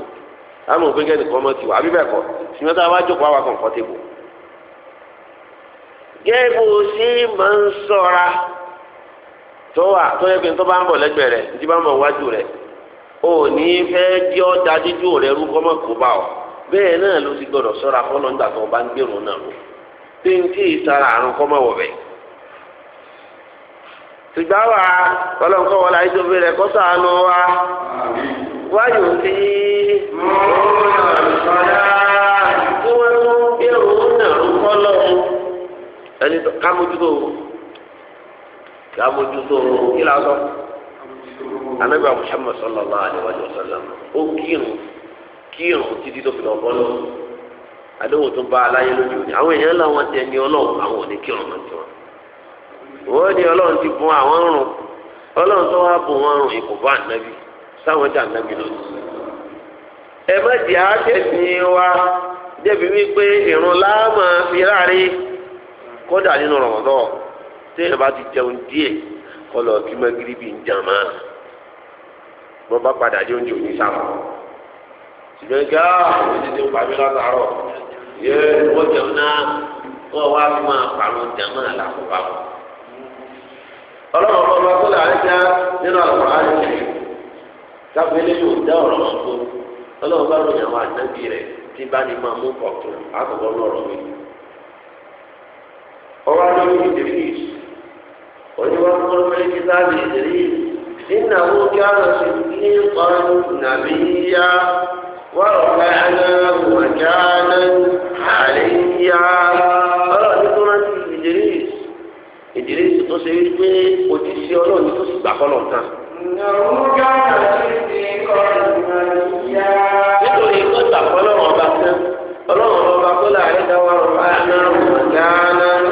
[SPEAKER 1] àmọ̀ òpé kẹ́nìkan mọ̀ tiwa àbí bẹ́ẹ̀ kọ́ sinmi tá a bá jókòó àwa comfortable gẹ́gẹ́ bó ṣe máa ń sọ́ra tó wà tó yẹ kí n tó bá ń bọ̀ lẹ́gbẹ̀ẹ́ rẹ̀ ní ti bá ń bọ̀ wájú rẹ̀ ò ní fẹ́ kí ọ́ da jíjú rẹ̀ rú kọ́mọ̀ kó bá ọ bẹ́ẹ̀ náà ló ti gbọ́dọ̀ sọ́ra fọ́nà nígbà tó o bá ń gbèrò náà lò tí n tí ì sara àrùn kọ́mọ̀ wọ̀ bẹ́ẹ̀. ṣùgbọ́n wa ọlọ́nkọ́ wọlé ayé tó fi rẹ̀ kọ́ sànù wa wáyò sí i. mo ẹni tó kámójútó kámójútó kí la sọ anabi Muhammad sallallahu alayhi wa sallam ó kírun kírun títí tó fi lọ bọ́ lọ àdéhùn tó bá aláyé lójú ni àwọn èèyàn làwọn ti ẹni ọlọ́run àwọn ò ní kírun mọ́ tiwọn wọ́n ní ọlọ́run ti bùn àwọn rùn ọlọ́run tó wá bùn wọn rùn ìkò bá ànábì sáwọn jà ànábì lónìí. ẹ má jẹ́ àtẹ̀sìn wa débi wípé ìrun láàmú fi láàrin. kódà nínú rọmọdọ téèyàn bá ti jẹun kọlọ kí bí bá padà ṣùgbọ́n ah, ti ti ń pàmí látàárọ̀ yẹ wọ́n jẹun náà wọ́n wá fi máa pàrọ̀ jàn máa làkúpa wọn. ọlọ́run ọba tó là nínú àlùkò àjẹ káfíńlẹ́ yóò dá ọ̀rọ̀ wọn tó ọlọ́run bá ròyìn àwọn ọba ló ní ìdíríṣ oníwọ́n kọ́ lórí kíláàbì ìdíríṣ nínú àwọn ojú àwọn ṣe ní ọ̀rọ̀ nàbí yá wà ọ̀gá aláwọ̀ àjá náà àlẹ́ yá ọlọ́run ní kó rántí ìdíríṣ ìdíríṣ tó ṣe wípé ojú sí ọlọ́run tó sì gbà kọ́ lọ́ọ̀tàn.
[SPEAKER 2] nítorí ìgbọ́ta ọlọ́run ọba kan ọlọ́run ọba kọ́lá àrídáwá ọ̀gá náà ọ̀gá náà.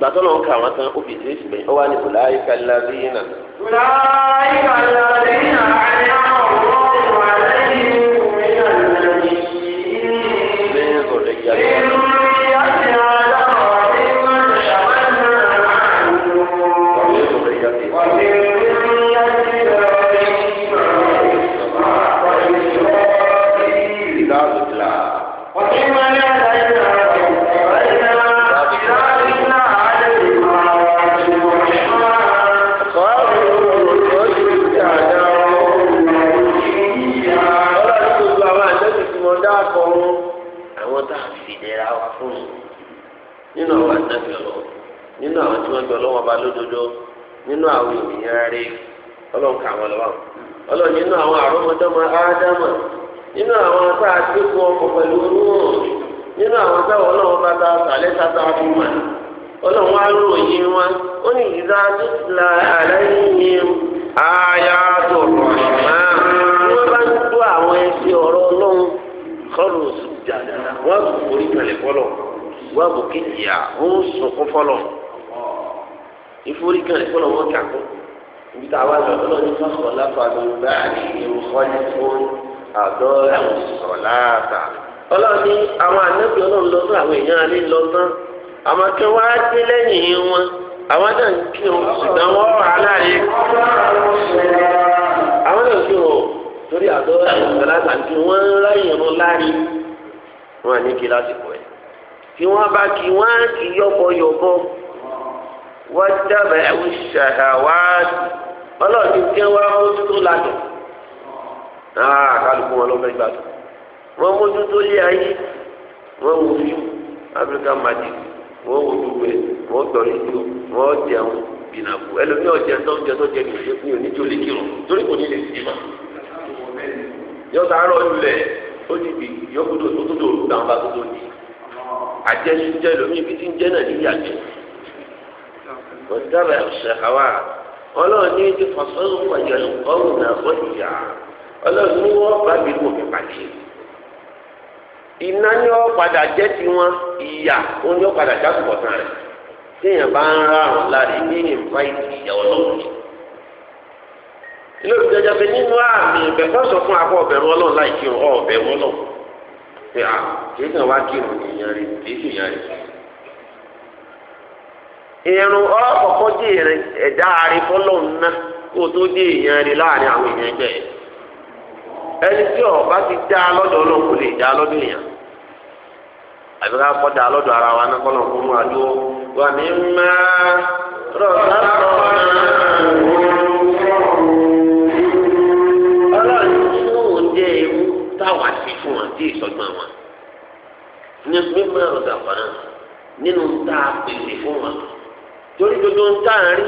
[SPEAKER 1] gbàtọ́ lọ́wọ́ kà wọ́n tán ó fi ṣe é ṣùgbọ́n ó wà ní ọ̀làyíkà ńlá bí náà.
[SPEAKER 2] ọ̀làyíkà ńlá bí yín náà
[SPEAKER 1] máa ọba lódodo nínú àwọn ènìyàn rí ọlọ́run kà wọ́n lọ́wọ́ nínú àwọn àrọ́mọdọ́mọ ádámà nínú àwọn nínú àwọn bá ta tata wa ó ní ìdá àwọn sùn ìforí kan ìfọlọ wọn kà kó ibi tá a wá lọ lọ ní sọsọ lápapọ̀ ìgbà ní ìrùkọ́ni fún àdọ́ àwọn sọ̀rọ̀ láàbà. ọlọ́run ní àwọn ànábì ọlọ́run lọ sí àwọn èèyàn alẹ́ lọ tán àwọn kí wọ́n á dé lẹ́yìn wọn àwọn náà ń kí wọn ṣùgbọ́n wọ́n rà á láàyè. àwọn náà kí wọn torí àdọ́ àwọn sọ̀rọ̀ láàbà kí wọ́n ráyìn wọn láàrin wọn ní kí lásìkò ẹ̀ kí wọ́n bá kí wọ́n á kí yọ̀bọ̀yọ̀bọ̀ wọ́n dábàá ẹ̀wù ṣàdáwá ọlọ́ọ̀dún tí wọ́n á mójútó ládùn náà ah, kálukú wọn ló fẹ́ gbàdùn wọ́n mójútó lé ayé wọ́n wò fíìmù African Magic wọ́n wò dùgbẹ wọ́n gbọrí tó wọ́n jẹun bìnàbù ẹlòmíràn jẹun tó tó jẹ nìyẹn fún yòó níjó lè kírun torí kò ní lè sí ma yọta arọ lulẹ̀ ó ti di yọkùdò tó tó dòrò dáhùn bá tó tó di àjẹsùn jẹ lómi ibi tí ń jẹ náà níyàjẹ. wọ́tẹ́rẹ̀ ṣẹ̀háwá ọlọ́run ní ti fọ́sọ́rọ́ pẹ̀lú náà ó yà wọ́n bá mi wò mí ni padà jẹ́ tiwọn ìyà òun ni wọ́n padà jákùbọ̀ tán rẹ̀ téèyàn bá ń rà ọ̀rùn láre ní ìfáìtì ìyà ọlọ́run ni ilé òbí jẹjẹ pé nínú sọ fún akọ láì kírun pé ah, à wá kírun irun ọkọ̀kọ́ jẹ́ ìrìn ẹ̀dá àárín fọlọ́run náà kó tó dé èèyàn rí láàrin àwọn èèyàn ẹgbẹ́ ẹ̀ ẹni tí ọba ti dá lọ́dọ̀ ọlọ́run kò lè dá lọ́dọ̀ èèyàn àbí ká kọ́ dá lọ́dọ̀ ara wa náà fún wa dúró wà ní torí dodo ń tà ń rí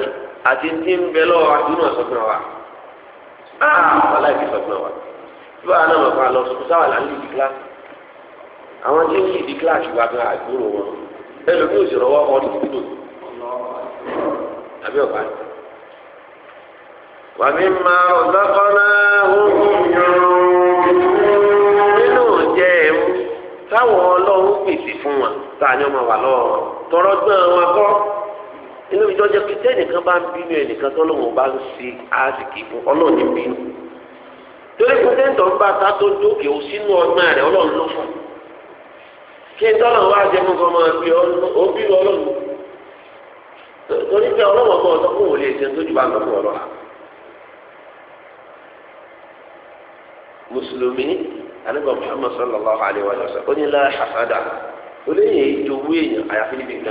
[SPEAKER 1] àti ti ń bẹ lọ́wọ́ àdúrà sọ́gbọ́n wa wàhálà ìbí sọ́gbọ́n wa bí wàá náà mọ̀ fún alọ́ sọ́kùn sáwà là ń lè di kíláàsì àwọn tí ń lè di kíláàsì wa gan àgbúrò wọn ẹlòmíì ò sì rọwọ́ ọdún kúndò àbí ọ̀bá ni. wàmí máa ọ̀dọ́kọ́ náà nínú jẹ́ ẹ̀mú táwọn ọlọ́run pèsè fún wa tá ọmọ wà lọ́wọ́ tọrọ gbọ́n wọn kọ́ inú ìjọjẹ pété ẹnìkan bá ń bínú ẹnìkan tó lóun bá ń ṣe àásìkí fún ọlọ́run ní bínú torí pété ń tọ́ba ta tó dókè ó sínú ọgbọ́n rẹ̀ ọlọ́run ló fún kí n tọ́lọ̀ wá jẹ́ mú kọ́mọ bí ó bínú ọlọ́run torí pé ọlọ́run ọmọ ọ̀tọ́ fún òun lè tó jù bá ń lọ́kùn ọlọ́run mùsùlùmí anigba muhammad sallallahu alayhi wa sallam onílà hasada olóyè ìjòwú èèyàn àyàfi níbi ìgbà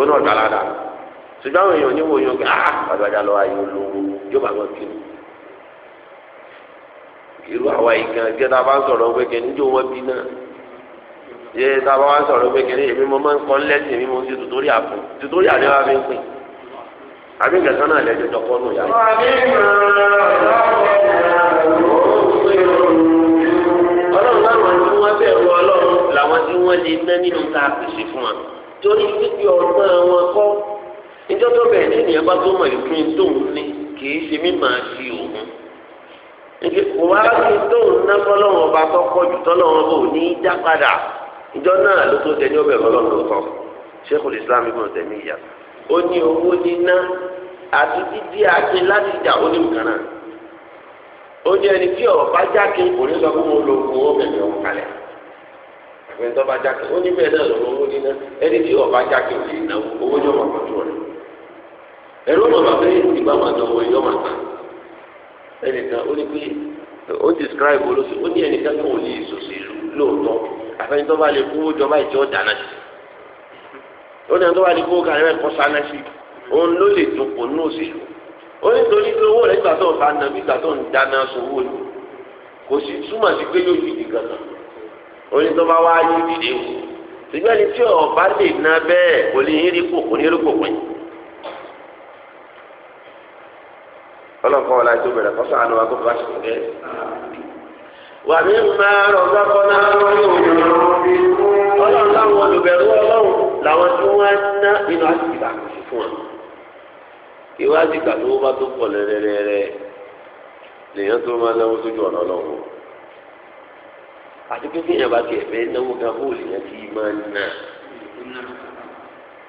[SPEAKER 1] ó náà gbà ládà ṣùgbọ́n àwọn èèyàn oníwò yóò gbé ah àgbàdà lọ́wọ́ ayé olówó yóò bá wọn kiri irú àwa ìkan gẹ́gẹ́ bá ń sọ̀rọ̀ pé kẹ́ni jó wọn bí náà yé tá a bá wá sọ̀rọ̀ pé kẹ́ni èmi mo máa ń kọ́ lẹ́sìn mi mo ti tutori àpò tutori àlẹ́ wa fi ń pè àbí nǹkan náà lẹ́jọ́ tọkọ́ nù yá. ọlọ́run láwọn tí wọ́n bẹ̀rù ọlọ́run làwọn tí wọ́n lè ná nínú tá torí pípé ọgbọ́n àwọn akọ́ níjọ́ tó bẹ̀rẹ̀ ní ìyẹn bá tó mọ̀ ìpín tóun ní kì í ṣe mí máa fi òun ìdí kò wá sí tóun ná fọlọ́wọn ọba tó kọ́ jù tọ́lọ́wọn bò ní í já padà ìjọ náà ló tó tẹ ní ọbẹ̀ fọlọ́wọn ló tọ́ Sheikhul Islam Ibn Taymiyyah ó ní owó níná àti dídí akin láti jà ó ní nǹkan náà ó ní ẹni tí ọ̀ọ́ bá jákin kò ní sọ fún wọn lóògùn ó bẹ̀rẹ̀ òun ẹni tó bá jákè ó ní bẹ́ẹ̀ náà lọ́wọ́ owó níná ẹni tí ọba jákè ò lè náwó owó ní ọmọ àkọ́jú rẹ̀ ẹ̀rọ màmá pé ìgbà máa dán owó ìyọ́ màtà ẹnìkan ó ní pé ó describe olóṣù ó ní ẹnìkan tó ò lè sòsì lóòótọ́ àfẹ́ni tó bá lè kó jọba ìjọ dáná sí ó ní ẹni tó bá lè kó kàrẹ́ ẹ̀kọ́ sáná sí òun ló lè dúpọ̀ ní òṣèlú ó ní kò sì túmọ̀ sí pé yóò yí ìdí gan onítọ́ba wá yí dìde wò ṣùgbọ́n ẹni tí ọba lè na bẹ́ẹ̀ kò ní yín rí kò kò ní rí kò pin. ọlọ́kọ́ ọ̀la tó bẹ̀rẹ̀ kọ́sọ́ àná wa kó bá sùn gẹ́. wà mí máa rọ̀ sọ́kọ́ náà lóyún ọlọ́run láwọn olùbẹ̀rù ọlọ́run làwọn tí wọ́n á ná nínú àsìkò àkọsí fún wa. ìwádìí kàtó bá tó pọ̀ lẹ́rẹ́rẹ́rẹ́ lèèyàn tó máa náwó sójú ọ̀nà ọlọ́run àti pé kéèyàn bá tiẹ̀ fẹ́ náwó kan bóòlù yẹn ti máa ń nà.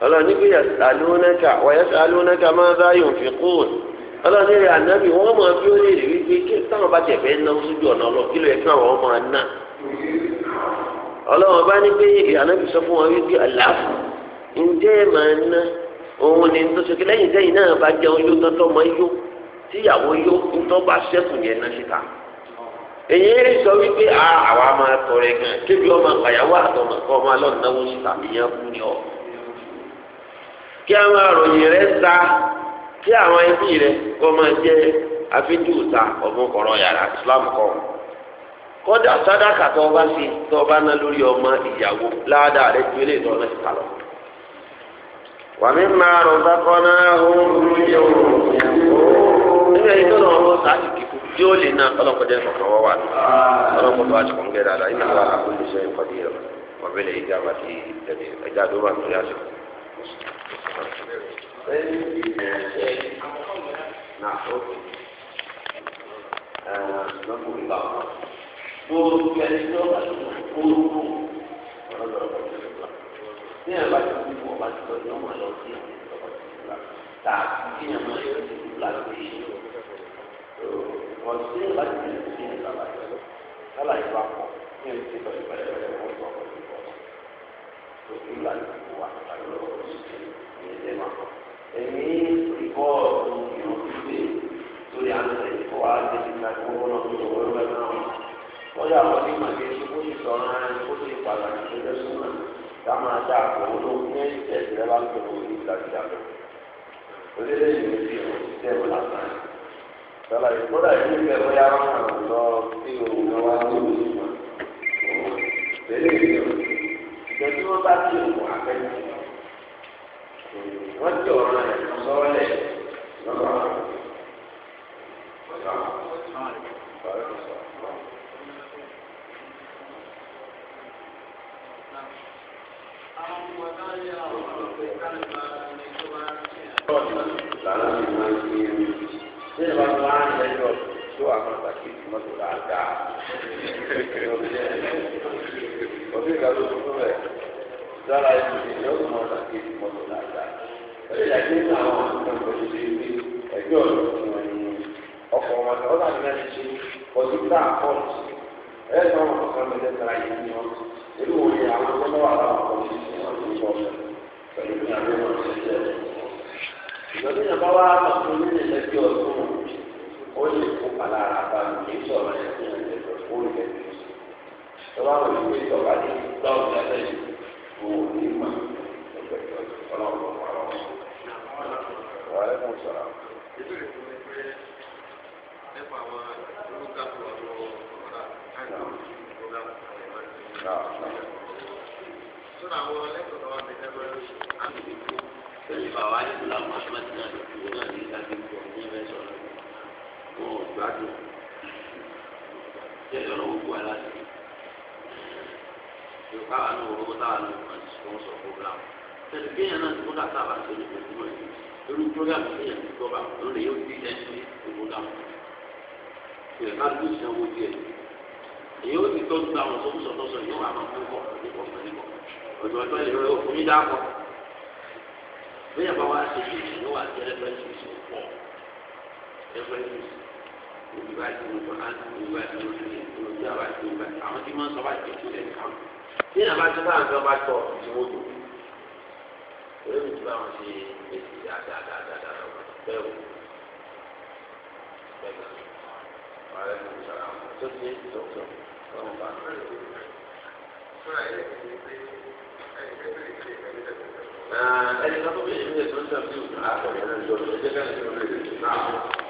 [SPEAKER 1] ọlọ́ọ̀ni bí alónáka wọ́yẹ́ sọ alónáka máa bá yòó fi kóòn ọlọ́ọ̀ni rẹ̀ ànábì wọ́n máa bí ó lè rí wípé kí táwọn bá tiẹ̀ fẹ́ náwó sójú ọ̀nà ọlọ́ kí ló yẹ kí àwọn máa ná. ọlọ́wọ́n bá ní pé ànábì sọ fún wọn wípé àlàáfù ǹjẹ́ máa ná òun ni tó ṣe lẹ́yìn sẹ́yìn náà bá jẹun yó tọ́tọ́ mọ́ yó tíyàwó yó ń èyí ń sọ wípé a àwa máa tọrẹ gan kébi ọmọ àgbàyàwó àtọmọ kọ ọmọ kú ni ọ. kí a máa ròyìn rẹ sa kí àwọn ẹbí rẹ kọ́ máa jẹ́ afidúta yàrá Islam kọ́ kọ́dà sádàkà tó o bá fi tó o bá ná lórí ọmọ ìyàwó ládàá rẹ tó wàmí máa rọ̀ sákọ́ náà ó ń nínú ẹni tó lọ́wọ́ sáàtì kíkú tí ó lè náà ọlọ́kọ̀dé kọ̀ọ̀kan wọ́n wà ní ọlọ́kọ̀dé wàá tukọ̀ ń gẹ̀rẹ́ àlàyé náà wà á kúlù sẹ́yìn kọ́ díẹ̀ wọ́n bẹ̀rẹ̀ ìjà àti ẹja tó wà nítorí àṣọ. Ní ẹ̀rọ àti ìfowópamọ́ àti ìtọ́jú wọ́n láti lè ṣe ìlànà ìlú lálà ìgbà pọ̀ ní ẹni tí lọ́ọ́ ìbẹ̀rẹ̀ rẹ̀ wọ́n sọ ọ́ ní bọ́ọ̀lù tó fi ìlànà ìlú wa àlọ́ òṣìṣẹ́ ní ẹgbẹ́ máa kọ́. ẹ̀mí ìbọ́ọ̀lù ìlú ṣe torí àǹtẹ̀ ìfọwọ́ àti ìgbà tó wọ́n lọ sí owó ẹgbẹ́ náà wọ́n yà wọ́n ní màdé ó ti sọ ọ́nà ẹni tó ti pàtàkì tó jẹ́ súnmọ́ ká máa dá àpò olówó ní ẹ̀jẹ̀ ìrẹ́lá tó lò ní ìgbà ìjà orílẹ̀-èdè ìlú ti ẹ̀wọ̀n lásán sọlá ìkóra yìí ń bẹ bóyá wọn kàn lọ sí òun náà wá sí òun yìí wọn lélẹ̀ yìí ìjọ tí wọn bá ti òkú abẹ́yẹ wọn ti ọ̀rọ̀ ẹ̀ sọ́ọ́lẹ̀ lọ́wọ́
[SPEAKER 2] Thank you ṣé ìwà tó wá ń lẹ́jọ́
[SPEAKER 1] tó àwọn àtàkì mọ́tò dáadáa òbí ìgbà tó tó bẹ̀ lára ẹni tí yóò mọ àtàkì mọ́tò dáadáa ẹ̀rí ìdájí ní àwọn ọmọ ìṣe ibi ẹgbẹ́ ọ̀dọ́ tí wọ́n ní ọkọ̀ wọn tó wọ́n láti náà ṣe ọdún tá a pọ̀ sí ẹ̀ ẹ̀ sọ́wọ́n kọ̀ọ̀kan mẹ́tẹ́ta yìí ni wọ́n èlú òye àwọn tó wà láwọn ọkọ̀ ìṣe ìṣe wọn ní ọ̀sẹ̀ pẹ̀lú ìgbà tó wọ́n ti ṣe ìgbàgbé yẹn bá wà lọ́sọ̀rọ̀ nínú ìlẹ́bí ọdún ó lè kó palára bá mi kì í sọ̀rọ̀ yẹn fún ẹ̀jẹ̀ lọ fún ilẹ̀ mi. ìjọba àwọn ìlú ìjọ bá ní lọ́wọ́ lẹ́sẹ̀ yìí kò ní mà ẹgbẹ́ ọlọ́run wà lọ́wọ́. wà á lẹ́kùn sọ̀rọ̀. Sọ́dọ̀ àwọn ẹlẹ́kọ̀ọ́ wa ti dẹ́gbẹ́ lóṣù àmì ìdíkù pẹ̀lú bàbá ìfúlà muhammed náà ìwé náà ní ìdájọ́ ìfọ̀ ní ẹ̀rẹ́ sọ̀rọ̀ wọn ò gbádùn jẹ́ ìrọ̀rùn gbogbo aláṣẹ yorùbá wà ní òwúrọ̀ táwa ní òwúrọ̀ tó ń sọ program tẹ̀sí kéèyàn náà ti kó dàtà bá ṣe olùkọ́ irú program kéèyàn ti gbọ́ bá ló lè yóò di ẹni program ìrẹ̀ ká ló ṣe owó díẹ̀ èyí ó ti tọ́jú àwọn sọ́kùsọ̀tọ̀sọ̀ yóò wà máa fún kọ̀ nípa ọ̀gbẹ́ nípa ọ̀gbẹ́ ọjọ́ ìrẹ̀ òfin mi
[SPEAKER 2] bóyá bá wá ṣe
[SPEAKER 1] ṣe ìṣòro wà sí ẹlẹgbẹrẹ ṣe pọ ẹlẹgbẹrẹ ṣe níbi bá ti mú bàá níbi bá ti mú sílẹ̀ níbi tí a bá ti mú bá àwọn tí wọn sọ bá ti tún lẹ kàn tí ìyàbá tó bá àgbà bá tọ ìṣòro tó orí mi ti bá wọn ṣe èsì dáadáadáadáa bẹ́ẹ̀ wò bẹ́ẹ̀ náà wà á rẹ mú sara ẹni kan tó bí ìdílé tó ń tẹ̀síwò àtọ̀yẹ̀
[SPEAKER 2] náà jọ ìdílé náà jọ lè náà.